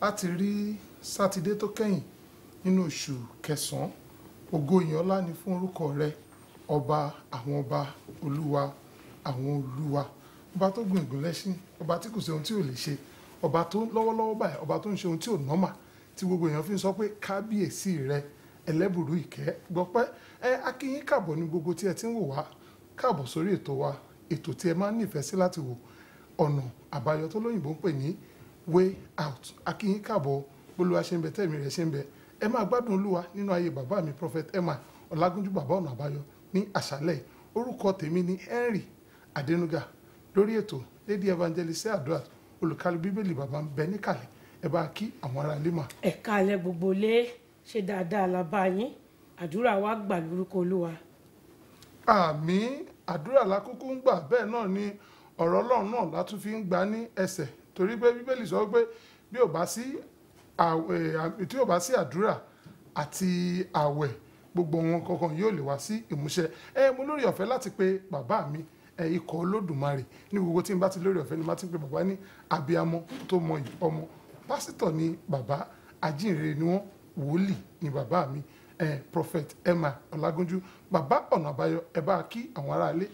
a ti rí sátidé tó kẹ́yìn nínú oṣù kẹsàn-án ògo ọlá ni fún orúkọ rẹ ọba àwọn ọba olúwa àwọn olúwa ọba tó gun ìgúnlẹ̀ sí ọba tí kò sí ohun tí ò lè ṣe ọba tó lọ́wọ́lọ́wọ́ báyìí ọba tó ń ṣe ohun tí ò nọ́mà tí gbogbo èèyàn fi ń sọ pé kábíyèsí rẹ ẹlẹ́bùrú ìkẹ́ gbọ́pẹ́ ẹ akínyín kàbọ̀ ní gbogbo tí ẹ ti ń wò wá kàbọ̀ sórí ètò wa ètò tí ẹ máa ń nífẹ̀ẹ́ sí láti wò ọ̀nà àbáyọ tó lóyìnbó ń pè ní way out akínyín káàbọ̀ bólúwa ṣe ń bẹ tẹ́mi rẹ̀ ṣe ń bẹ ẹ máa gbádùn olúwa nínú ayé bàbá mi prophet emma ọlágúnjú bàbá ọ̀nà àbáyọ ní àṣálẹ̀ orúkọ tèmi ni henry Adenuga. lórí ètò lady evangelist aduat olùkàlù bíbélì bàbá ń bẹ níkàlẹ̀ ẹ bá kí àwọn ará ilé mà. ẹ káalẹ́ gbogbo lé ṣe dáadáa la yín àdúrà wa gbà lórúkọ olúwa. àmín àdúrà la ń gbà bẹ́ẹ̀ náà ni ọ̀rọ̀ ọlọ́run náà látún fi ń gbà ní ẹsẹ̀ torí pé bíbélì sọ pé bí ò bá sí àwẹ̀ eh, tí ò bá sí àdúrà àti àwẹ̀ gbogbo wọn kankan yóò lè wá sí ìmúṣẹ ẹ mo lórí ọ̀fẹ́ láti pe bàbá mi ikọ̀ olódùmarè ní gbogbo tí n bá ti lórí ọ̀fẹ́ ni má ti ń pe bàbá ní abiyamọ tó mọ ọmọ pásítọ̀ ni bàbá ajínrere ni wọ́n wòlíì ni bàbá mi eh, prophet emma ọlágúnjú bàbá ọ̀nà àbáyọ ẹ bá kí àwọn aráalé.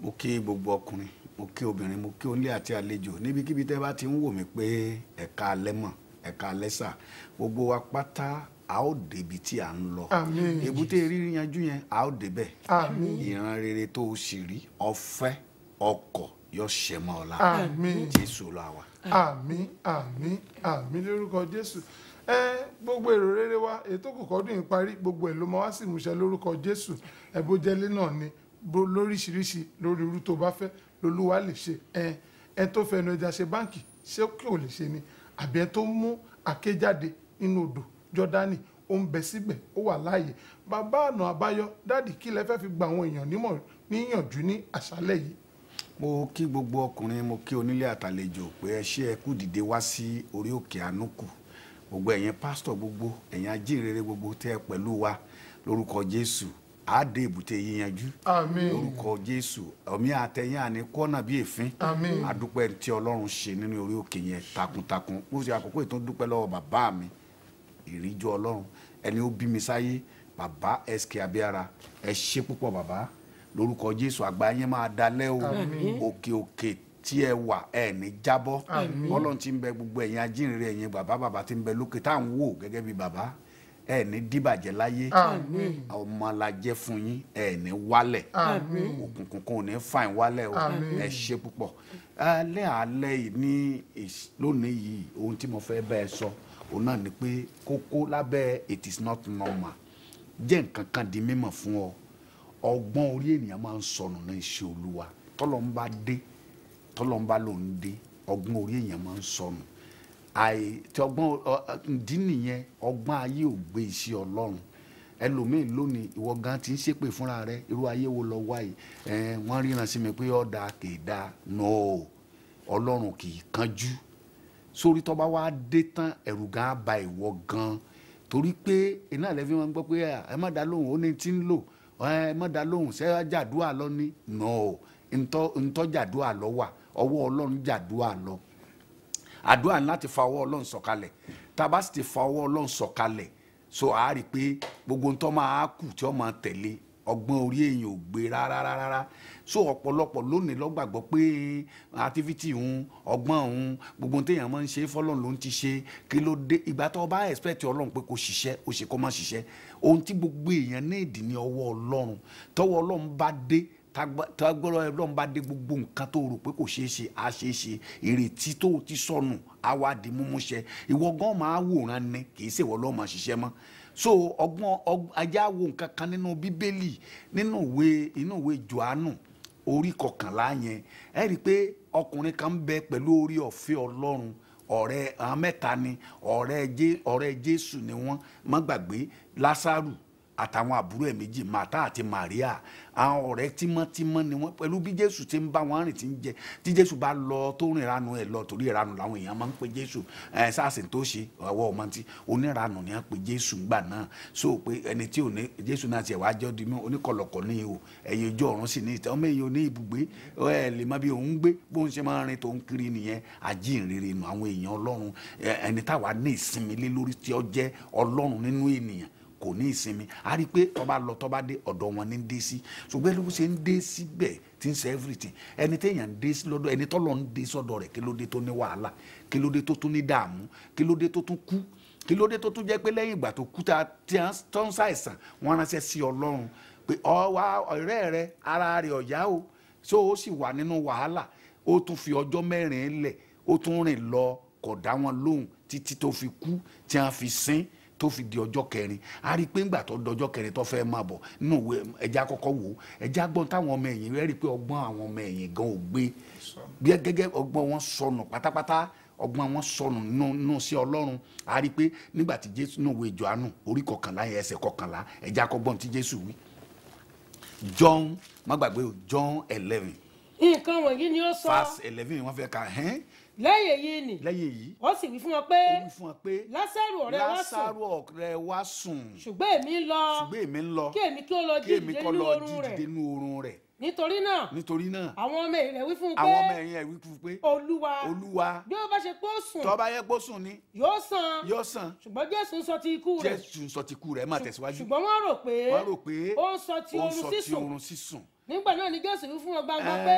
mo kí gbogbo ọkùnrin mo kí obìnrin mo kí onílé àti àlejò níbikíbi tẹ́ bá ti ń wò mí pé ẹ̀ka alẹ́ ẹ̀ka alẹ́ gbogbo wa pátá a ó débi tí a ń lọ èbúté rírí yanjú yẹn a ó débẹ̀ ìran rere tó o sì rí ọ̀fẹ́ ọkọ̀ yóò ṣe mọ́ ọ la jésù lọ àwà. àmín àmín àmín lórúkọ jésù gbogbo èrò rere wa ètò kò kọ́dún yìí parí gbogbo ẹ̀ ló máa wá sí ìmúṣẹ lórúkọ jésù ẹ̀bùjẹ́lé náà ni lóríṣiríṣi lórí irú tó bá fẹ́ lolúwa lè ṣe ẹn ẹn tó fẹnu ẹja ṣe báǹkì ṣé kí o lè ṣe ni àbí ẹn tó mú àké jáde nínú odò jọdani ó ń bẹ síbẹ̀ ó wà láàyè bàbá ọ̀nà àbáyọ dáàdì kí lẹ fẹ́ fi gba àwọn èèyàn níyànjú ní àṣálẹ̀ yìí. mo kí gbogbo ọkùnrin mo kí onílé àtàlejò pé ẹ ṣe ẹ dìde wá sí orí òkè ànúkù gbogbo ẹ̀yin pásítọ̀ gbogbo ẹ̀yin ajínrere gbogbo tẹ́ ẹ wa lórúkọ jésù a dé èbúté yín yanjú orúkọ jésù ọmí àtẹyìn àní kọ́nà bíi èéfín àdúpẹ́ tí ọlọ́run ṣe nínú orí òkè yẹn takuntakun mo ṣe àkókò ìtàn dúpẹ́ lọ́wọ́ bàbá mi ìríjú ọlọ́run ẹni ó bí mi sáyé bàbá sk abíára ẹ ṣe púpọ̀ bàbá lórúkọ jésù àgbà yẹn máa dalẹ́ o òkè òkè tí ẹ wà ẹ ní jábọ́ ọlọ́run ti ń bẹ gbogbo ẹ̀yin ajínrere ẹ̀yin bàbá bàbá ti ń bẹ lókè tá wò gẹ́gẹ́ bí bàbá ẹ ní dìbàjẹ́ láyé ọmọ fún yín ẹ ní wálẹ̀ òkùnkùn kan ní fàìn wálẹ̀ o ẹ ṣe púpọ̀ alẹ́ alẹ́ ní lónìí yìí ohun tí mo fẹ́ bá sọ òun náà ni pé kókó lábẹ́ it is not normal jẹ́ nǹkan kan di mímọ̀ fún ọ ọgbọ́n orí ènìyàn máa ń sọnù ní iṣẹ́ olúwa tọ́lọ́ ń bá dé tọ́lọ́ ń bá lòún dé ọgbọ́n orí ènìyàn máa ń sọnù àìtí ọgbọ́n ìdí nìyẹn ọgbọ́n ayé ò gbé iṣẹ́ ọlọ́run ẹlòmíín lónìí ìwọ gan ti ń ṣépè fúnra rẹ irú ayé wo lọ wáyé ẹ wọ́n ríran sí mi pé ọ̀dà kèéda nọ ọlọ́run kì í kánjú sórí tó bá wá dé tán ẹ̀rù gan ba ìwọ gan torí pé iná rẹ fi máa ń gbọ́ pé ẹ má dá lóhùn ó ní tí ń lò ẹ má dá lóhùn ṣé jàdúrà lọ ní nọ ntọ́ jàdúrà lọ wà ọwọ́ ọlọ́run jàdúrà lọ. No àdúrà ní láti fa ọwọ́ ọlọ́run sọ̀kalẹ̀ tá sì ti fa ọwọ́ ọlọ́run sọ̀kalẹ̀ so a rí i pé gbogbo ntọ́ máa kù tí ó máa tẹ̀lé ọgbọ́n orí èèyàn ò gbé rárá rárá so ọ̀pọ̀lọpọ̀ lónìí ló pé activity òun ọgbọ́n òun gbogbo téèyàn máa ń ṣe fọlọ́run ló ń ti ṣe kí ló dé ìgbà tó bá expect ọlọ́run pé kò ṣiṣẹ́ ó ṣe kó má ṣiṣẹ́ ohun tí gbogbo èèyàn ní ìdí ní ọwọ́ ọlọ́run tọ́wọ́ ọlọ́run bá dé tagbọ́rọ̀ Ọlọ́run bá dé gbogbo nǹkan tó rò pé kò ṣeé ṣe á ṣeé ṣe ìrètí tó ti sọnù á wá di mímú ṣẹ ìwọ gan máa wòran ni kì í ṣèwọ lọ́ọ́ máa ṣiṣẹ́ mọ́ so ọgbọ́n ajá wo nǹkan kan nínú bíbélì nínú ìwé inú ìwé Jòhánù orí kọkànlá yẹn ẹ rí i pé ọkùnrin kan ń bẹ pẹ̀lú orí ọ̀fẹ́ Ọlọ́run ọ̀rẹ́ àwọn mẹ́ta ni ọ̀rẹ́ Jésù ni wọ́n má gbàgbé Lásárù àtàwọn àbúrò ẹ̀ méjì màtá àti Màríà àwọn ọ̀rẹ́ tímọ́tímọ́ ni wọ́n pẹ̀lú bí Jésù ti ń bá wọn rìn tí ń jẹ tí Jésù bá lọ tó rìn ìranù ẹ̀ lọ torí ìranù làwọn èèyàn máa ń pe Jésù ẹ̀ sars tó ṣe ọwọ́ ọmọ tí oníranù ni wọ́n pe Jésù gbà náà so pé ẹni tí ò ní Jésù náà tiẹ̀ wá jọ́ di mí oníkọlọ̀kọ̀ ní ihò ẹ̀yìn ojú ọ̀run sì ní ìtẹ́ ọmọ èèyàn ní ibùgbé ẹ̀ lè má bí òun gbé bó ń ṣe máa rìn tó ń kiri nìyẹn àjíǹrere nù àwọn èèyàn Ọlọ́run ẹni táwa ní ìsinmi lé lórí tí ó jẹ́ Ọlọ́run nínú ènìyàn kò ní ìsinmi a rí i pé tó bá lọ tó bá dé ọ̀dọ̀ wọn ní dé sí ṣùgbọ́n ẹni bó ṣe ń dé síbẹ̀ ti ń ṣe everything ẹni téèyàn ń dé sí lọ́dọ̀ ẹni tọ́lọ́ ń dé sọ́dọ̀ rẹ̀ kí ló dé tó ní wàhálà kí ló dé tó tún ní dààmú kí ló dé tó tún kú kí ló dé tó tún jẹ́ pé lẹ́yìn ìgbà tó kú tó ń ṣàìsàn wọ́n ránṣẹ́ sí ọlọ́run pé ọwá ọ̀rẹ́ rẹ ara rẹ̀ ọ̀yá o so ó sì wà nínú wàhálà ó tún fi ọjọ́ mẹ́rin lẹ̀ ó tún rìn lọ kò wọn lóhùn títí tó fi kú tí wọ́n fi sin tó fi di ọjọ́ kẹrin a rí i pé ńgbà tó dọjọ́ kẹrin tó fẹ́ máa bọ̀ nínú ìwé ẹja kọ́kọ́ wò ẹja gbọ́n táwọn ọmọ ẹ̀yìn rẹ́ rí i pé ọgbọ́n àwọn ọmọ ẹ̀yìn gan ò gbé bí gẹ́gẹ́ ọgbọ́n wọn sọnù pátápátá ọgbọ́n wọn sọnù nínú sí ọlọ́run a rí i pé nígbà tí jésù nínú ìwé Jòhánù orí kọkànlá yẹn ẹsẹ̀ kọkànlá ẹja kọ́gbọ́n tí jésù wí John má gbàgbé John eleven. nǹkan wọ̀nyí ni ó sọ lẹ́yìn èyí ni lẹ́yìn èyí ó sì wí fún wọn pé ó wí fún wọn pé lásàrù ọ̀rẹ́ wa sùn lásàrù ọ̀rẹ́ wa sùn ṣùgbọ́n èmi ń lọ ṣùgbọ́n èmi ń lọ kí èmi kí ó lọ jíjìde nínú oorun rẹ̀ nítorí náà nítorí náà àwọn ọmọ ẹ̀yìn rẹ̀ wí fún un pé àwọn ọmọ ẹ̀yìn rẹ̀ wí fún un pé olúwa olúwa bí ó bá ṣe pé ó sùn tó bá yẹ pé ó sùn ni yóò san yóò san ṣùgbọ́n jésù ń sọ ti ikú rẹ̀ jésù ń sọ ti ikú rẹ̀ máa tẹ̀síwájú ṣùgbọ́n wọ́n rò pé wọ́n rò pé ó ń sọ ti oorun sísùn nígbà náà ni jésù wí fún wọn gbangba pé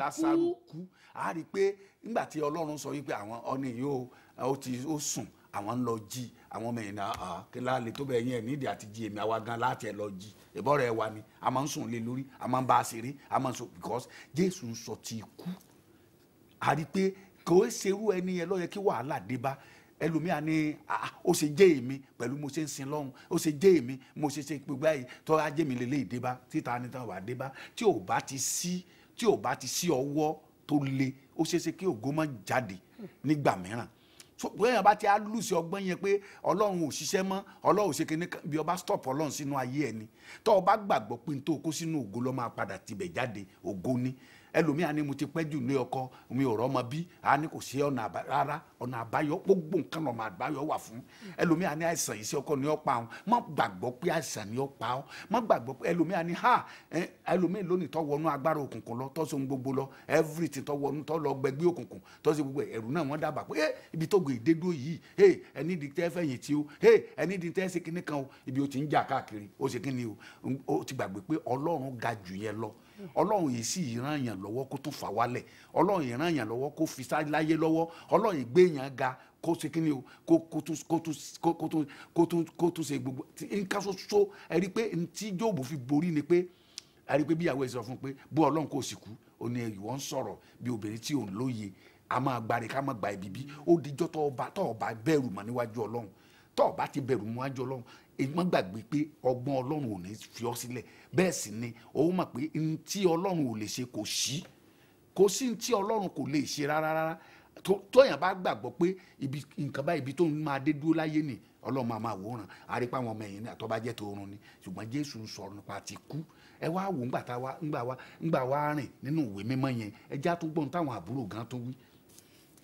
lásàrù kú a rí i pé nígbà tí ọlọ́run sọ wípé àwọn ọ̀nì yóò ó ti ó sùn àwọn ń lọ jí àwọn ọmọ ìná kílá lè tó bẹ́ẹ̀ yín ẹ̀ nídìí àti jí èmi àwa gan láti ẹ̀ lọ jí ìbọ̀rọ̀ ẹ̀ wa ni a máa ń sùn lé lórí a máa ń bá a ṣeré a máa ń sọ because Jésù ń sọ ti ikú a pé kò ṣerú ẹni yẹn ló kí wàhálà dé bá ẹlòmíà ni ó ṣe jẹ́ èmi pẹ̀lú mo ṣe ń sin lọ́hùn ó ṣe jẹ́ èmi mo ṣe ṣe gbogbo ayé tó ajé mi lélẹ́ ìdébá títa ni tán wà débá tí ò bá ti sí tí ò bá ti sí ọwọ́ tó le ó ṣeéṣe kí ògo má jáde nígbà mìíràn bóyá bá ti á lùsì ọgbọ́n yẹn pé ọlọ́run ò ṣiṣẹ́ mọ́ ọlọ́run ò ṣe kíní bí ọba stop ọlọ́run sínú ayé ẹni tó o bá gbàgbọ́ pé n tó kó sínú ògo ló máa padà tibẹ̀ jáde ògo ni ẹlòmíà ni mo ti pẹ́ jù ní ọkọ mi ò rọ́mọ bí a ní kò sí ọ̀nà rárá ọ̀nà àbáyọ gbogbo nǹkan ọ̀nà àbáyọ wà fún ẹlòmíà ní àìsàn yìí sí ọkọ ni ó pa ọ́ má gbàgbọ́ pé àìsàn ni ó pa má gbàgbọ́ pé ẹlòmíà ní ha ẹlòmíà lónìí tó wọnú agbára òkùnkùn lọ tó so gbogbo lọ everything tó wọnú tó lọ gbẹgbẹ òkùnkùn tó so gbogbo ẹ̀rù náà wọ́n dábàá pé ibi tó gbé ìdégbò yìí ẹni di tẹ́ fẹ̀yìn tí o ẹni di tẹ́ ṣe kíní kan o o ti ń jà káàkiri o ọlọ́run yìí sì ràn yàn lọ́wọ́ kó tún fà wálẹ̀ ọlọ́run yìí ràn yàn lọ́wọ́ kó fi láyé lọ́wọ́ ọlọ́run yìí gbé yàn ga kó ṣe kí ni o kó tún kó tún kó tún kó tún kó tún ṣe gbogbo nǹkan ṣoṣo ẹ rí i pé tí Jóòbù fi borí ni pé ẹ rí i pé bí ìyàwó ẹ sọ fún pé bó ọlọ́run kò sì kú ìwọ ń sọ̀rọ̀ bí obìnrin tí òun lóye a máa gbari ká máa gba ibi bí ó dijọ́ tó ọba tó ọba bẹ̀rù mọ́ níwájú ọlọ́run tó o bá ti bẹ̀rù mú àjọ ọlọ́run èyí má gbàgbé pé ọgbọ́n ọlọ́run ò ní fi ọ sílẹ̀ bẹ́ẹ̀ sì ni ó mọ̀ pé n tí ọlọ́run ò lè ṣe kò sí kò sí n tí ọlọ́run kò lè ṣe rárá rárá tóyàn bá gbàgbọ́ pé ibi nǹkan báyìí ibi tó ń máa dé dúró láyé ni ọlọ́run máa máa wòran àrípa àwọn ọmọ ẹ̀yìn ní àtọ́ba jẹ́ tòrun ni ṣùgbọ́n jésù ń sọ̀rọ̀ nípa ti kú ẹ wá wò ńgbà wa rìn nínú ìwé mímọ́ yẹn ẹ já tó gbọ́n táwọn àbúrò gan tó wí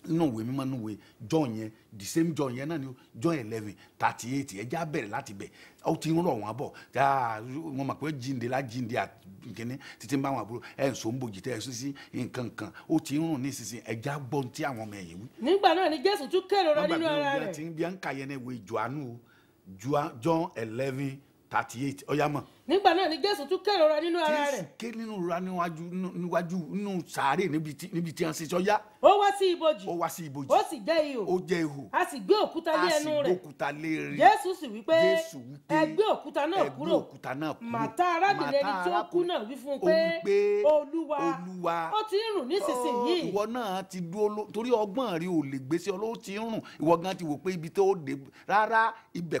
nínú òwe mímọ́ nínú òwe john yẹn the same john yẹn náà ni john eleven thirty eight ẹja bẹ̀rẹ̀ láti bẹ̀ ó ti ń rọ̀ wọ́n bọ̀ wọ́n mọ̀ pé jíǹde la jíǹde àkíní títí ń bá wọn àbúrò ẹ̀ ń so ń bòjì tẹ́ ẹ̀ sísí nǹkan kan ó ti ń rùn ní sísìn ẹja gbọ́ ti àwọn ọmọ ẹ̀yìn wí. nígbà náà ni jésù tún kérora nínú ara rẹ̀. nígbà tí wọ́n ń bí ẹ̀ńkà yẹn náà ìwé john eleven thirty eight ọ̀yá mọ̀ nígbà náà ni jésù tún kérora nínú ara rẹ̀. jésù ké nínú ra níwájú níwájú nínú sàárè níbi tí wọ́n ṣe sọ́yá. ó wá sí ibojì. ó wá sí ibojì. ó sì jẹ́ ihò. ó jẹ́ ihò. a sì gbé òkúta lé ẹnu rẹ̀. a sì gbé òkúta lé e rẹ̀. jésù sì wí pé jésù wí pé ẹ òkúta náà kúrò. ẹ òkúta náà kúrò. màtá arábìnrin tí ó kú náà wí fún un pé olúwa olúwa ó ti ń rùn nísinsìnyí. ìwọ náà ti dúró torí ọgbọ́n ibi tó dé rárá ibẹ̀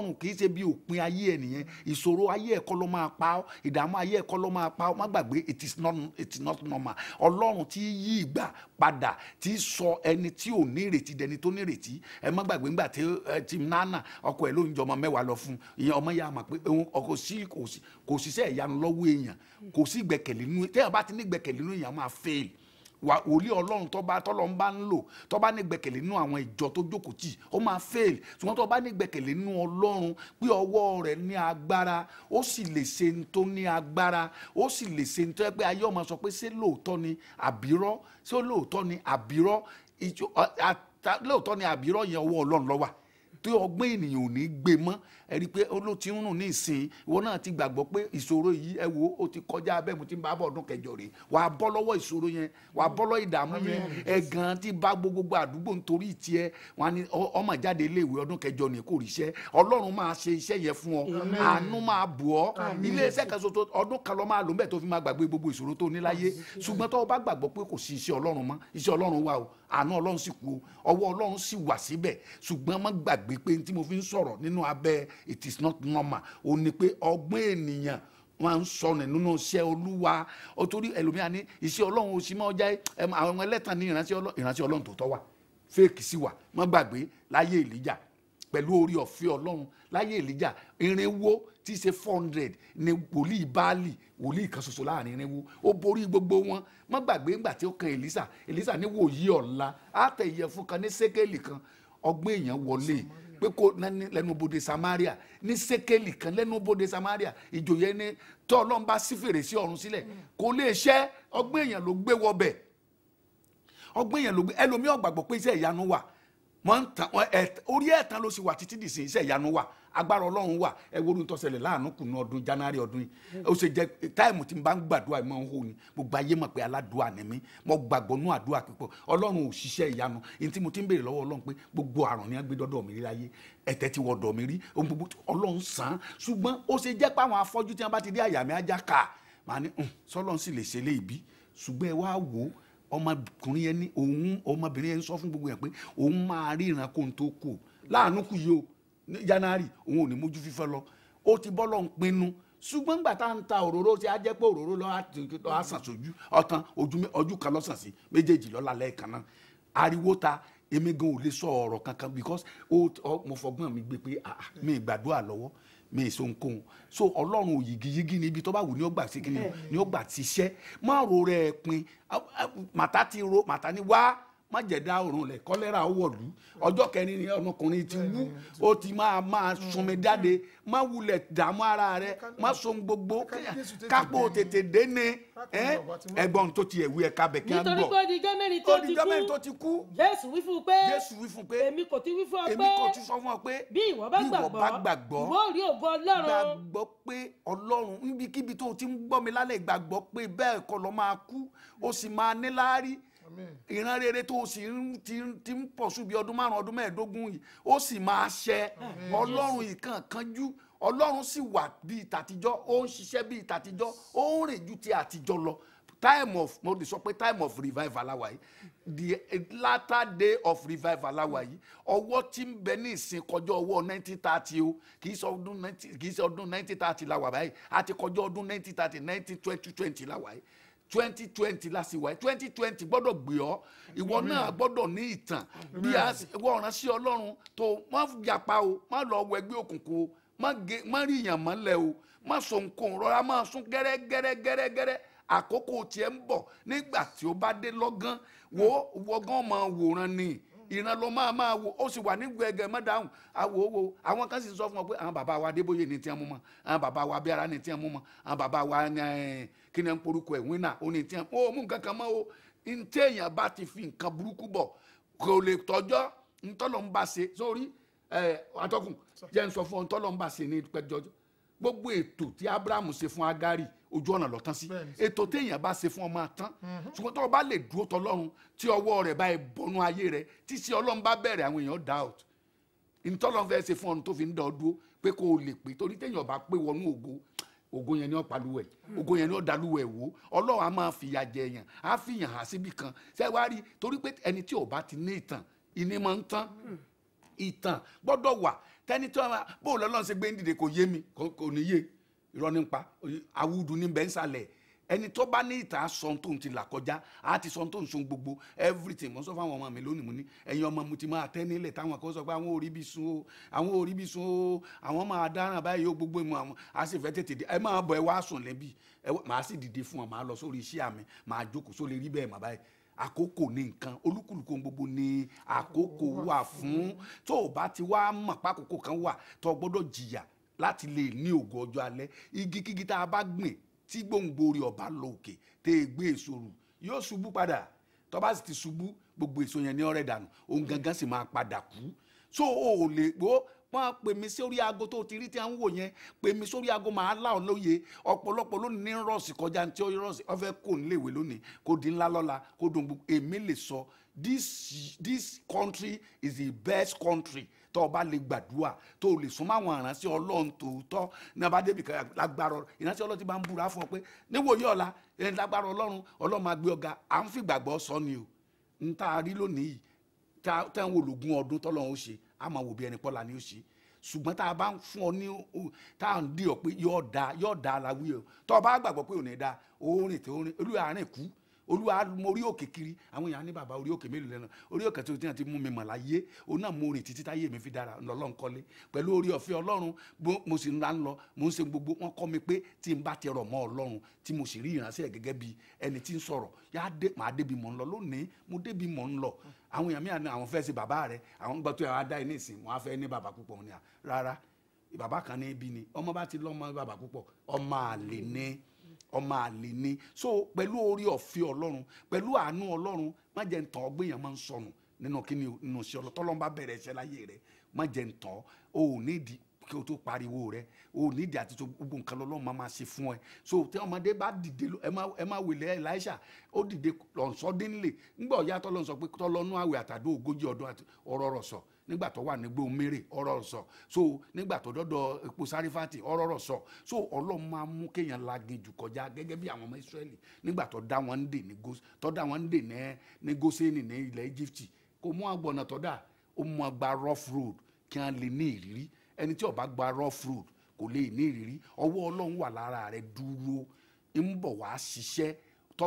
ọlọ́run kì í ṣe bí òpin ayé ẹ nìyẹn ìṣòro ayé ẹ̀kọ́ ló máa pa ọ́ ìdààmú ayé ẹ̀kọ́ ló máa pa ọ́ má gbàgbé it is not it is not normal ọlọ́run tí yí ìgbà padà tí sọ ẹni tí ò ní ìrètí dẹni tó ní ìrètí ẹ má gbàgbé ńgbà tí ti nánà ọkọ ẹ ló ń jọmọ mẹ́wàá lọ fún ìyẹn ọmọ yà máa pé ọkọ sí kò síṣẹ́ ìyanu lọ́wọ́ èèyàn kò sí ìgbẹ́kẹ̀lé nínú téèyàn bá ti ní ìgbẹ́kẹ̀lé nínú èèyàn máa fail wòlíì ọlọ́run tọ́ba tọ́lọ́run bá ń lò tọ́ba ní gbẹ̀kẹ̀lé nínú àwọn ìjọ tó jókòó tì ó máa fail ṣùgbọ́n tọ́ba ní gbẹ̀kẹ̀lé nínú ọlọ́run pé ọwọ́ rẹ̀ ní agbára ó sì lè ṣe ń tó ní agbára ó sì lè ṣe ń tó ẹgbẹ́ ayé ọmọ sọ pé ṣé lóòótọ́ ni àbírọ́ ṣé lóòótọ́ ni àbírọ́ lóòótọ́ ni àbírọ́ yẹn ọwọ́ ọlọ́run ló tí ọgbọ́n ènìyàn ò ní gbé mọ́ ẹ rí i pé ó ló ti ń rùn ní ìsìn ìwọ náà ti gbàgbọ́ pé ìṣòro yìí ẹ wo ó ti kọjá abẹ́ mu ti ń bá bọ̀ ọdún kẹjọ rè wàá bọ́ lọ́wọ́ ìṣòro yẹn wàá bọ́ lọ́wọ́ ìdààmú yẹn ẹ̀gàn ti bá gbogbo àdúgbò nítorí tiẹ̀ wọn ni ọmọ jáde iléèwé ọdún kẹjọ ní kò ríṣẹ́ ọlọ́run máa ṣe iṣẹ́ yẹn fún ọ àánú máa bù ọ iléeṣẹ́ kan ṣoṣo ọdún kan lọ máa lò ń bẹ̀ tó fi máa gbàgbé gbogbo ìṣòro tó ní láyé ṣùgbọ́n tó o bá gbàgbọ́ pé kò sí iṣẹ́ ọlọ́run mọ́ iṣẹ́ ọlọ́run wà o àánú ọlọ́run sì kú o ọwọ́ ọlọ́run sì wà síbẹ̀ ṣùgbọ́n má gbàgbé pé tí mo fi ń sọ̀rọ̀ nínú abẹ́ it is not normal ó ní pé ọgbọ́n ènìyàn wọn ń sọnù nínú iṣẹ́ olúwa torí ẹlòmíà ní iṣẹ́ ọlọ́run oṣù máa jẹ́ àwọn ẹlẹ́tàn ní ìrántí ọlọ́run tó tọ́ wa fake sí wa má gbàgbé láyé èlíjà pẹ̀lú orí ọ̀fẹ́ ọlọ́run láyé èlíjà irinwó tí í ṣe four hundred ni wòlíì báàlì wòlíì kan ṣoṣo láàrin irinwó ó borí gbogbo wọn má gbàgbé ńgbà tí ó kan èlísà èlísà ní wòyí ọ̀la á tẹ ìyẹ̀fun kan ní sékèlì kan ọgbọ́n èèyàn wọlé pé kò nání lẹ́nubodè Samaria ní sékèlì kan lẹ́nubodè Samaria ìjòyè ni tọ́ ọlọ́run bá sí fèrèsé ọ̀run sílẹ̀ kò lè ṣẹ́ ọgbọ́n èèyàn ló gbé wọbẹ̀ ọgbọ́n èèyàn ló gbé ẹlòmíì ò gbàgbọ́ pé iṣẹ́ ìyanu wà wọ́n ń tan ló sì wà títí dìsìn iṣẹ́ ìyanu wà agbára ọlọ́run wà ẹ woru ntọ́sẹ̀lẹ̀ láàánú kùnú ọdún january ọdún yìí ó ṣe jẹ táìmù tí n bá ń gbàdúrà ẹ máa ń hó ni mo gba ayé mọ̀ pé aládùúà ni mí mo gbàgbọ́ nú àdúrà pípọ̀ ọlọ́run ò ṣiṣẹ́ ìyanu èyí tí mo ti ń béèrè lọ́wọ́ ọlọ́run pé gbogbo àrùn ni wọ́n gbé dọ́dọ̀ mi láyé ẹ̀tẹ̀ ti wọ̀ dọ̀ mi rí ohun gbogbo ọlọ́run sàn án ṣùgbọ́n ó ṣe jẹ́ pé àwọn afọ́jú tí wọ́n bá ti dé january òun ò ní mójú fífẹ́ lọ ó ti bọ́ lọ́n pinnu ṣùgbọ́n nígbà tá à ń ta òróró tí a jẹ́ pé òróró lọ́ àsàn sójú ọ̀tàn ojú kan lọ́sàn sí méjèèjì lọ́la lẹ́ẹ̀kan náà ariwo ta èmi gan ò lè sọ ọ̀rọ̀ kankan because mo fọgbọ́n mi gbé pé mi gbàdúrà lọ́wọ́ mi èso nkóhun so ọlọ́run ò yìgìyìgì níbi tó bá wù ní ó gbà sí kí ni ó gbà ti ṣẹ́ má ro rẹ̀ pin màtá ti ro màtá ni wá má jẹ̀dá òrùn lẹ̀ kọ́lẹ́rà ó wọ̀lú ọjọ́ kẹrin ni ọmọkùnrin ti wú ó ti máa máa sunmi jáde má wulẹ̀ dààmú ara rẹ má so gbogbo kápò tètè dénè ẹ̀gbọ́n tó ti ẹ̀wí ẹ̀ka bẹ̀ kí á gbọ́ nítorí pé oníjọ́ mẹ́rin tó ti kú jésù wí fún pé jésù wí fún pé èmi kò ti wí fún ọ pé èmi kò ti sọ fún ọ pé bí ìwọ bá gbàgbọ́ ìwọ rí ògo ọlọ́run gbàgbọ́ pé ọlọ́run níbikíbi tó ti ń gbọ́ mi lálẹ́ gbàgbọ́ pé bẹ́ẹ̀ kọ́ ló máa kú ó sì máa ní láárí ìran rere tó o sì ti ń pọ̀ sùn bí ọdún márùn-ún ọdún mẹ́ẹ̀ẹ́dógún yìí ó sì máa ṣẹ ọlọ́run ìkan ọlọ́run sì wà bíi tàtijọ́ ó ń ṣiṣẹ́ bíi tàtijọ́ ó ń rìn ju ti àtijọ́ lọ time of mo lè sọ pé time of revival la wà yìí the latter day of revival la wà yìí ọwọ́ tí ń bẹ ní ìsìn kọjá ọwọ́ nineteen thirty o kì í ṣe ọdún nineteen kì thirty la wà báyìí àti kọjá ọdún nineteen thirty nineteen twenty twenty la wà yìí twenty twenty la sì wáyé twenty twenty gbọ́dọ̀ gbé ọ́ ìwọ náà gbọ́dọ̀ ní ìtàn bí a wọ́n ránṣẹ́ ọlọ́run tó má yapa o má lọ wọ ẹgbẹ́ òkùnkùn o má rí ìyàn mọ́lẹ̀ o má sọ nǹkan rọra má sún gẹ́rẹ́gẹ́rẹ́gẹ́rẹ́ àkókò tiẹ̀ ń bọ̀ nígbà tí ó bá dé lọ́gán wo wọ́gán máa wòran ni ìran ló máa máa wò ó sì wà ní gbẹgẹ mọ́dáhùn àwòwò àwọn kan sì sọ fún ọ pé àwọn bàbá wa adébóyè ní tiẹ́ mú mọ́ àwọn bàbá wa abíára ní tiẹ́ mú mọ́ àwọn bàbá wa kí ni ń porúkọ ẹ̀ wínà ó ní tiẹ́ ó mú nǹkan kan mọ́ o ní tí èèyàn bá ti fi nǹkan burúkú bọ̀ kò lè tọ́jọ́ ntọ́lọ́ ń bá ṣe sórí atọ́kùn jẹ́ ń sọ fún ọ ntọ́lọ́ ń bá ṣe ní pẹ́jọ́jọ́ gbogbo ètò tí Abraham ṣe fún Agari ojú ọ̀nà lọ́tán sí ètò téèyàn bá ṣe fún ọmọ àtán mhm. ṣùgbọ́n tó o bá lè dúró tọlọ́run tí ọwọ́ rẹ̀ bá ẹ bọnú ayé rẹ̀ tí ṣe ọlọ́run bá bẹ̀rẹ̀ àwọn èèyàn doubt ntọ́lọ́run fẹ́ ṣe fún ọ̀run tó fi ń dọ̀ ọ́ dúró pé kó o lè pé torí téèyàn bá pé wọnú ògo ògo yẹn ni ó paluwẹ̀ hmm. ògo yẹn ni ó daluwẹ̀ wò ọlọ́run á máa fìyà jẹ èèyàn á fìyàn há síbi kan ṣé wàá rí torí pé ẹni tí ò bá ti ní ìtàn ìní máa ń tán hmm. ìtàn gbọ́dọ̀ wà tẹ́ni tí wọ́n bó lọ́lọ́run ṣe gbé ń dìde kò yé mi kò ní yé irọ́ nípa awúdu ní bẹ́ńsàlẹ̀ ẹni tó bá ní ìta sọ̀n tó ń ti là kọjá á ti sọ̀n tó ń sun gbogbo everything mo sọ fún àwọn ọmọ mi lónìí mo ní ẹ̀yin ọmọ mo ti máa tẹ́ nílẹ̀ táwọn kan sọ pé àwọn orí bí sun o àwọn orí bí sun o àwọn máa dáràn báyìí ó gbogbo ìmọ̀ àwọn á sì fẹ́ tètè dé ẹ máa bọ̀ ẹ wá sùn lẹ́bí ẹ sì dìde fún ọ máa lọ sórí iṣẹ́ àmì máa jókòó sórí rí bẹ́ẹ̀ máa báyìí àkókò ní nǹkan olúkúlùkù gbogbo ní àkókò wà fún tó o bá ti wá mọ̀ pákòkò kan wà tó o gbọ́dọ̀ jìyà láti lè ní ògo ọjọ́ alẹ́ igi kígi tá a bá gbìn tí gbòǹgbò rẹ̀ ọ̀bá lọ òkè tẹ́ ẹ gbé èso rù yóò ṣubú padà tó sì ti ṣubú gbogbo èso yẹn ní ọ̀rẹ́ dànù òun gangan sì máa padà kú so o ò lè gbó máa pè mí sórí aago tó ti rí tí a ń wò yẹn pè mí sórí aago máa là ọ́ lóye ọ̀pọ̀lọpọ̀ lónìí ní rọ̀ọ̀sì kọjá tí ó rọ̀ọ̀sì kò ní léwe lónìí kò di ńlá lọ́la kò dùn gbogbo èmi lè sọ this this country is the best country tó o bá lè gbàdúrà tó o lè súnmọ́ àwọn ìránṣẹ́ ọlọ́run tòótọ́ ní abá débi lágbára ìránṣẹ́ ọlọ́run ti máa ń búra fún ọ pé níwòye ọ̀la ẹni lágbára ọlọ́run ọlọ́run máa gbé ọ̀gá à ń fìgbàgbọ́ sọ ni o ń tá a rí lónìí yìí tá ń wo lògùn ọdún tọ́lọ́run ó ṣe a máa wò bí ẹni pọ́lá ni ó ṣe ṣùgbọ́n tá a bá ń fún ọ ní tá à ń dí ọ pé yóò da yóò da aláwí ọ bá gbàgbọ́ pé ò ní da ó rìn tó rìn olúwa àárín kú olúwa mo orí òkè kiri àwọn èèyàn ní bàbá orí òkè mélòó lẹ́nu orí òkè tó tiẹ̀ ti mú mi mọ̀ láyé òun náà mo rìn títí táyé mi fi dára lọ́lọ́run kọ́lé pẹ̀lú orí ọ̀fẹ́ ọlọ́run mo sì ńlá ń lọ mo ń ṣe gbogbo wọn kọ́ mi pé tí n bá ti rọ̀ mọ́ ọlọ́run tí mo sì rí ìránṣẹ́ gẹ́gẹ́ bí ẹni tí ń sọ̀rọ̀ yá dé màá débi mò ń lọ lónìí mo débi mò ń lọ àwọn èèyàn mi àná àwọn fẹ́ ṣe bàbá rẹ àwọn gbọ́ tó yà wá dá ẹ ọmọ àlè ni so pẹ̀lú orí ọ̀fẹ́ ọlọ́run pẹ̀lú àánú ọlọ́run má jẹ́ ntọ́ ọgbẹ́yàn máa ń sọnù nínú kí ni nù sí ọlọ́tọ́ lọ́n bá bẹ̀rẹ̀ iṣẹ́ láyé rẹ má jẹ́ ntọ́ o ò nídìí kí o tó pariwo rẹ o ò nídìí àti gbogbo nǹkan lọ́lọ́run máa máa ṣe fún ẹ so tí ọmọdé bá dìde ẹ má wèlé Elisha ó dìde lọ́nsọ́dínlé ńgbọ̀ yàtọ̀ lọ́nsọ pé tọ́lọ́nú àwẹ̀ àtàdó ogójì ọdún ọ̀rọ̀ rọ̀ sọ nígbà tó wà nígbó mérè ọ̀rọ̀ sọ so nígbà tó epo sarifati ọ̀rọ̀ rọ̀ sọ so ọlọ́run máa mú kéèyàn laginjù kọjá gẹ́gẹ́ bí àwọn ọmọ israẹli nígbà tó dá wọn dè ní gos tó dá wọn dè ní goseni ní ilẹ̀ egypt kò mú agbọ̀nà agba rough road kí wọ́n lè ní ìrírí ẹni tí ó gba rough road kò lè ní ìrírí ọwọ́ ọlọ́run wà lára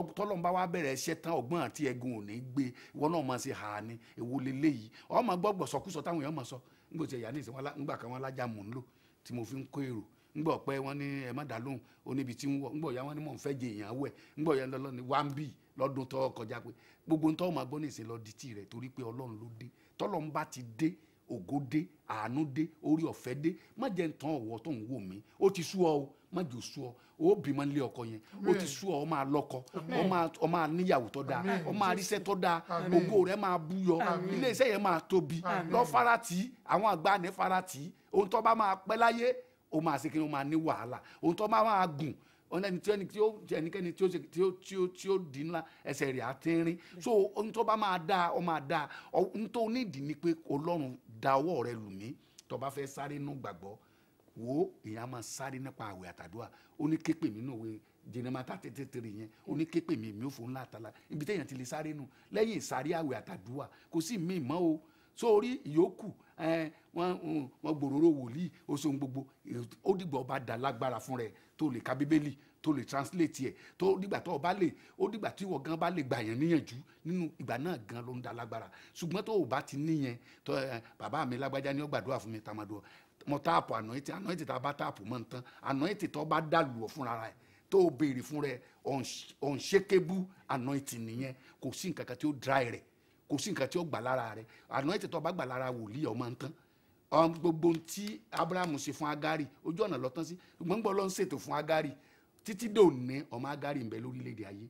tọ́lọ́n bá wá bẹ̀rẹ̀ ẹṣẹ́ tán ọgbọ́n àti ẹ̀gùn ò ní gbé ìwọ náà máa ṣe hà ni èwo leléyìí ọmọ gbọ́gbọ̀ sọkúsọ táwọn èèyàn máa sọ nígbà tí ẹ̀yà ní ìsìn ńgbà kan wọn lájà mò ń lò tí mo fi ń kó èrò ńgbà ọ̀pẹ wọn ní ẹ má dá lóhùn oníbi tí ń wọ ńgbà ọ̀yá wọn ní mò ń fẹ́ jẹ èèyàn wẹ̀ ńgbà ọ̀yá lọ́lọ́ ni wá ń bì lọ́dún tó kọjá pé gbogbo ń tọ́ ọmọ agbọ́n ògo dé àánú dé orí ọ̀fẹ́ dé má jẹ́ ntàn ọ̀wọ́ tó ń wò mí ó ti sú ọ o má jò sú ọ o ó bímọ nílé ọkọ yẹn ó ti sú ọ ọ máa lọ́kọ ọ máa níyàwó tó dáa ọ máa ríṣẹ́ tó dáa ògo rẹ máa búyọ ilé iṣẹ́ yẹn máa tóbi lọ farati àwọn àgbà ní farati ohun tó bá máa pẹ́ láyé ó máa ṣe kí ni ó máa ní wàhálà ohun tó bá máa gùn ọ̀nà ẹni tí ẹni tí ó ẹnikẹ́ni tí ó ṣe tí ó tí ó tí ó di ńlá ẹsẹ̀ rẹ̀ àtẹ́rín so ohun tó bá máa dáa ọ máa dáa ohun tó nídìí ni pé ọlọ́run da ọwọ́ rẹ lù mí tó bá fẹ́ sáré nù gbàgbọ́ wo èèyàn máa sáré nípa àwẹ̀ àtàdúrà ó ní képe mi náà wé jẹnẹmátà tètè tèrè yẹn ó ní képe mi mi ò fò ńlá àtàlà ibi téèyàn ti lè sáré nù lẹ́yìn ìsáré àwẹ̀ àtàdúrà kò sí mi mọ́ o sórí ìyókù wọ́n gbòòrò wòlíì ó ṣe ohun gbogbo ó dìgbà ọba dà lágbára fún rẹ̀ tó lè ka bíbélì tó lè translate yẹ tó dìgbà tó ọba lè ó dìgbà tí ìwọ gan bá lè gbà yẹn níyànjú nínú ìgbà náà gan ló ń dà lágbára ṣùgbọ́n tó o ti níyẹn tó bàbá mi lágbájá ni ó gbàdúrà fún mi tamadọ mo táàpù ànọ́ìtì ànọ́ìtì tá a bá táàpù mọ́ nǹkan ànọ́ìtì tó bá dàlù ọ̀ fúnra rẹ̀ tó o béèrè fún rẹ̀ unshakable ànọ́ìtì nìyẹn kò sí nǹkan kan tí ó dry rẹ̀ kò sí nǹkan tí ó gbà lára rẹ anointing tó bá gbà lára wòlíì ọmọ ń tán gbogbo tí abrahamu ṣe fún agari ojú ọ̀nà lọ́tán sí gbọ́ngbọ́ ló ń ṣètò fún agari títí dòní ọmọ agari ń bẹ lórílẹ̀‐èdè ayé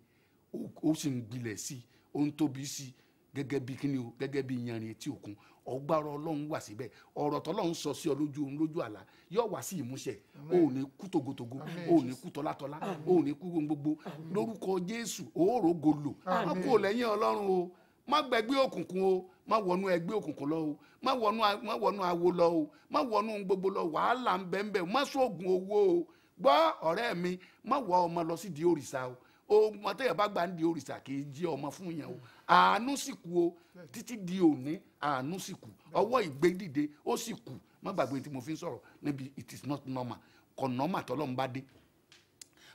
ó sì ń gbilẹ̀ sí i ó ń tóbi sí i gẹ́gẹ́ bí kíni o gẹ́gẹ́ bí yanrìn etí òkun ọgbàrọ̀ ọlọ́run wà síbẹ̀ ọ̀rọ̀ tọ́lọ́run sọ sí ọ lójú oorun lójú àlá yóò wá sí ìmúṣẹ o ò ní kú togotogo o ò ní kú tọ́látọ́lá o ò ní kú gbogbo lórúkọ jésù òórò gòlò wọn kò lẹ́yìn ọlọ́run o má gba ẹgbẹ́ òkùnkùn o má wọnú ẹgbẹ́ òkùnkùn lọ o má wọnú má wọnú awo lọ o má wọnú gbogbo lọ wàhálà ń bẹ ń bẹ má sóògùn owó o gbọ́ ọ̀rẹ́ mi má wọ ọmọ lọ sí di òrìṣà o ọmọ tẹ́yà bá gbà ń di òrìṣà kì í jí ọmọ fún yẹn o àánú sì kù o títí di òní àánú sì kù ọwọ́ ìgbé dìde ó sì kù má gbàgbé tí mo fi ń sọ̀rọ̀ níbi it is not normal kò normal tọ́lọ́mù bá dé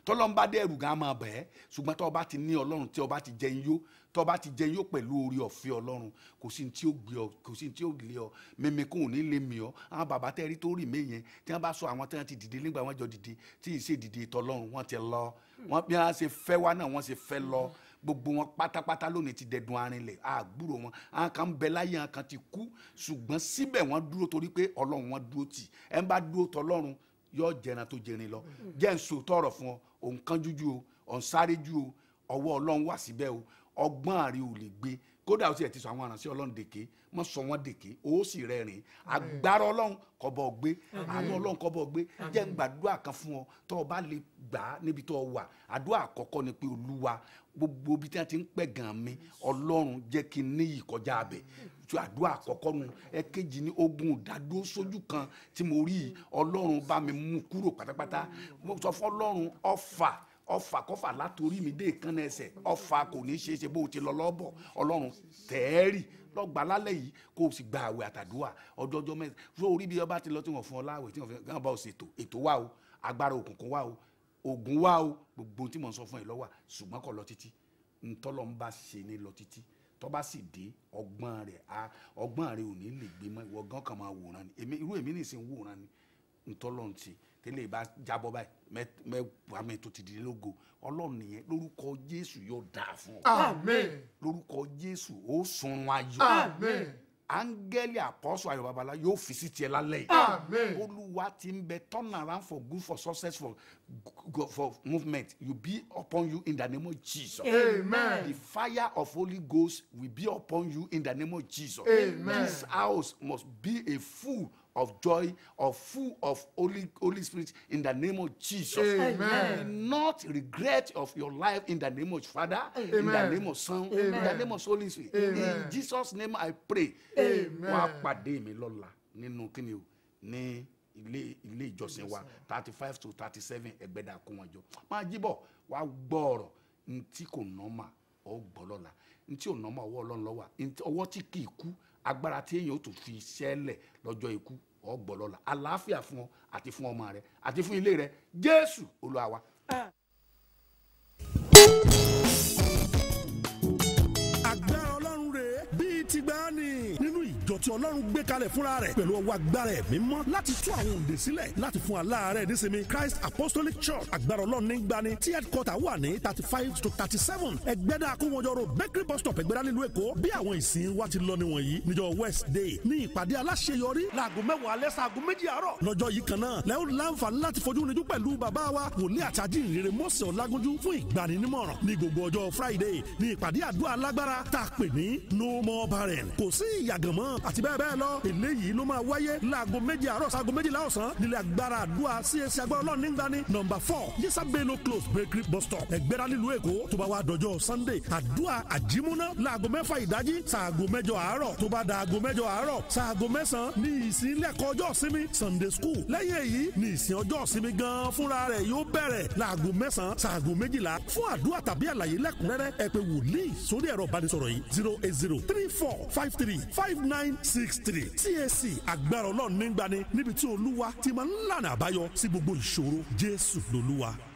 tọ́lọ́mù bá dé ẹ̀rù gan-an máa bẹ̀ẹ́ ṣùgbọ́n tọ́ ọba ti ní ọlọ́run tí ọba ti jẹun yó tó bá ti jẹ yóò pẹ̀lú orí ọ̀fẹ́ ọlọ́run kò sí tí ó gbé ọ kò sí tí ó lé ọ mímí kò ní lè mí ọ àwọn bàbá tẹ́rí tó rì mí yẹn tí wọ́n bá sọ àwọn tí wọ́n ti dìde nígbà wọ́n jọ dìde tí ì ṣe dìde tọ́lọ́run wọ́n ti lọ wọ́n bí wọ́n ṣe fẹ́ wá náà wọ́n ṣe fẹ́ lọ gbogbo wọn pátápátá lónìí ti dẹdun arinlẹ̀ àgbúrò wọn àwọn kan ń bẹ láyé àwọn kan ti kú ṣùgbọ́n síbẹ̀ wọ́n dúró torí pé ọlọ́run wọn dúró tì ẹ̀ ń bá dúró tọ́lọ́run yóò jẹran tó jẹrin lọ hmm. jẹ́ ń sòótọ́ ọ̀rọ̀ fún ọ òun o ọ̀n o ọwọ́ ọlọ́run wà síbẹ̀ o ọgbọ́n àrí ò lè gbé kódà ó sì ẹ̀ ti sọ àwọn aránṣẹ́ ọlọ́run dèké mọ́ sọ wọ́n dèké ó sì rẹ́rìn agbára ọlọ́run kọ́ bọ́ gbé àánú ọlọ́run kọ́ bọ́ gbé jẹ́ ń gbàdúrà kan fún ọ tó o bá lè gbà á níbi tó o wà àdúrà àkọ́kọ́ ni pé olúwa gbogbo ibi tí wọ́n ti ń pẹ̀gàn mi ọlọ́run jẹ́ kí n ní ìkọjá abẹ àdúrà àkọ́kọ́ nu ẹ̀kejì ní ogun ìdádúró sójú kan tí mo rí ọlọ́run bá mi mú kúrò pátápátá mo sọ fún ọlọ́run ọfà ọfà kọfà látòrí mi dé ìkànnì ẹsẹ̀ ọfà kò ní ṣe é ṣe bó o ti lọ lọ́bọ̀ ọlọ́run tẹ́ẹ̀rì lọ́gbà lálẹ́ yìí kó o sì gba àwẹ̀ àtàdúrà ọjọ́jọ́ mẹ́rin tó orí bí ọba ti lọ tí wọ́n fún ọ láwẹ̀ tí wọ́n fún ọ bá o ṣètò ètò wa o agbára òkùnkùn wa o ògùn wa o gbogbo tí mo ń sọ fún ẹ lọ́wọ́ ṣùgbọ́n kọ́ lọ títí ntọ́lọ́ ń bá ṣe ní lọ títí tó bá sì dé ọgbọ́n rẹ̀ a ọgbọ́n rẹ̀ ò ní lè gbé mọ́ ìwọ gan kan máa wòran ni irú èmi nìsín wòran ni ntọ́lọ́ ń ṣe tẹ́lẹ̀ bá jábọ́ báyìí mẹ́wàá mẹ́tò ti di lógo ọlọ́run nìyẹn lórúkọ jésù yóò dáa fún ọ. lórúkọ jésù ó sunrun ayọ̀. àmín. áńgẹ́lì àpọ́sù babalá yóò fi sí tiẹ̀ lálẹ́ yìí. olúwa ti ń bẹ turn around for good for success for for movement you be upon you in the name of Jesus. Amen. The fire of Holy Ghost will be upon you in the name of Jesus. Amen. This house must be a full of joy, of full of Holy, Holy Spirit in the name of Jesus. Amen. Not regret of your life in the name of Father, Amen. in the name of Son, Amen. in the name of Holy Spirit. Amen. In Jesus' name I pray. Amen. Wàá pàdé mi lọ́la nínú kíni o ní ilé ilé ìjọsìn wa thirty five to thirty seven ẹgbẹ́dà kó Máa jíbọ̀ wàá gbọ́ ọ̀rọ̀ ntí kò nọ́ọ̀mà ọ̀ gbọ́ lọ́la ní tí ò nọ́mọ ọwọ́ ọlọ́run lọ́wọ́ ọwọ́ tí kì í kú agbára tí èèyàn ó tún fi ṣẹlẹ̀ lọ́jọ́ ikú ọgbọ̀lọ́la àlàáfíà fún ọ àti fún ọmọ rẹ àti fún ilé rẹ jésù olúwa tí ọlọ́run gbé kalẹ̀ fúnra rẹ̀ pẹ̀lú ọwọ́ agbára ẹ̀mí mọ́ láti tú àwọn òǹdè sílẹ̀ láti fún aláàárẹ̀ nísinmi Christ Apostolic Church agbára ọlọ́run ní gbani tí headquarter wà ní thirty five to thirty seven ẹgbẹ́dá akówọ́njọ road bakery bus stop ẹgbẹ́dá nílùú èkó bí àwọn ìsìn wa ti lọ níwọ̀nyí níjọ́ Wednesday ní ìpàdé aláṣeyọrí láago mẹ́wàá alẹ́ sáago méjì àárọ̀ lọ́jọ́ yìí kan náà lẹ́hìn láǹfààní láti fojú níjú pẹ̀lú bàbá wa wòlíì àti ajínrere mọ́sẹ̀ ọ̀làgúnjú fún ìgbaninímọ̀ràn ní gbogbo ọjọ́ Friday ní ìpàdé àdúrà alágbára tá a pè ní no more barren kò sí ìyàgànmọ́ àti àti bẹ́ẹ̀ bẹ́ẹ̀ lọ eléyìí ló máa wáyé láago méje àárọ̀ sago méjìlá ọ̀sán nílẹ̀ agbára àdúrà CAC agbára ọlọ́run nígbà ni nọmba four yísà bello close bakery bus stop ẹgbẹ́ra nílùú èkó tó bá wà dọjọ́ sunday àdúrà àjímúná láago mẹ́fà ìdájí saago mẹ́jọ àárọ̀ tó bá daago mẹ́jọ àárọ̀ saago mẹ́sàn-án ní ìsìn lẹ́kọ̀ọ́ ọjọ́ ìsinmi sunday school lẹ́yìn èyí ní ìsìn ọjọ́ ìsinmi gan fúnra rẹ̀ yóò bẹ̀rẹ̀ láago mẹ́sàn-án saago méjìlá fún àdúrà tàbí àlàyé lẹ́kùnrẹ́rẹ́ ẹ pè wòlíì sórí ẹ̀rọ ìbánisọ̀rọ̀ yìí zero eight zero three four five three five nine six three TAC agbára ọlọ́run nígbani níbi tí olúwa ti máa ń lànà àbáyọ sí gbogbo ìṣòro jésù lolúwa.